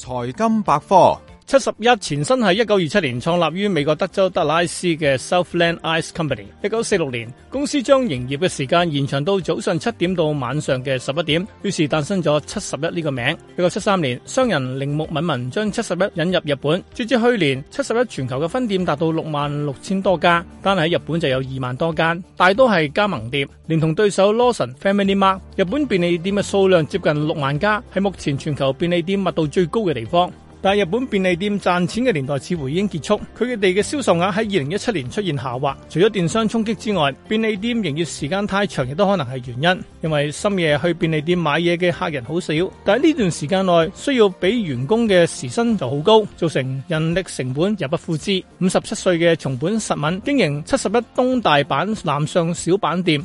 財金百科。七十一前身係一九二七年創立於美國德州達拉斯嘅 Southland Ice Company。一九四六年，公司將營業嘅時間延長到早上七點到晚上嘅十一點，於是誕生咗七十一呢個名。一九七三年，商人鈴木敏文將七十一引入日本。截至去年，七十一全球嘅分店達到六萬六千多家，單喺日本就有二萬多間，大多係加盟店。連同對手 Lawson、Family Mart，日本便利店嘅數量接近六萬家，係目前全球便利店密度最高嘅地方。但日本便利店賺錢嘅年代似乎已經結束，佢哋嘅銷售額喺二零一七年出現下滑。除咗電商衝擊之外，便利店營業時間太長亦都可能係原因，因為深夜去便利店買嘢嘅客人好少。但喺呢段時間內需要俾員工嘅時薪就好高，造成人力成本入不敷支。五十七歲嘅松本實敏經營七十一東大阪南上小板店。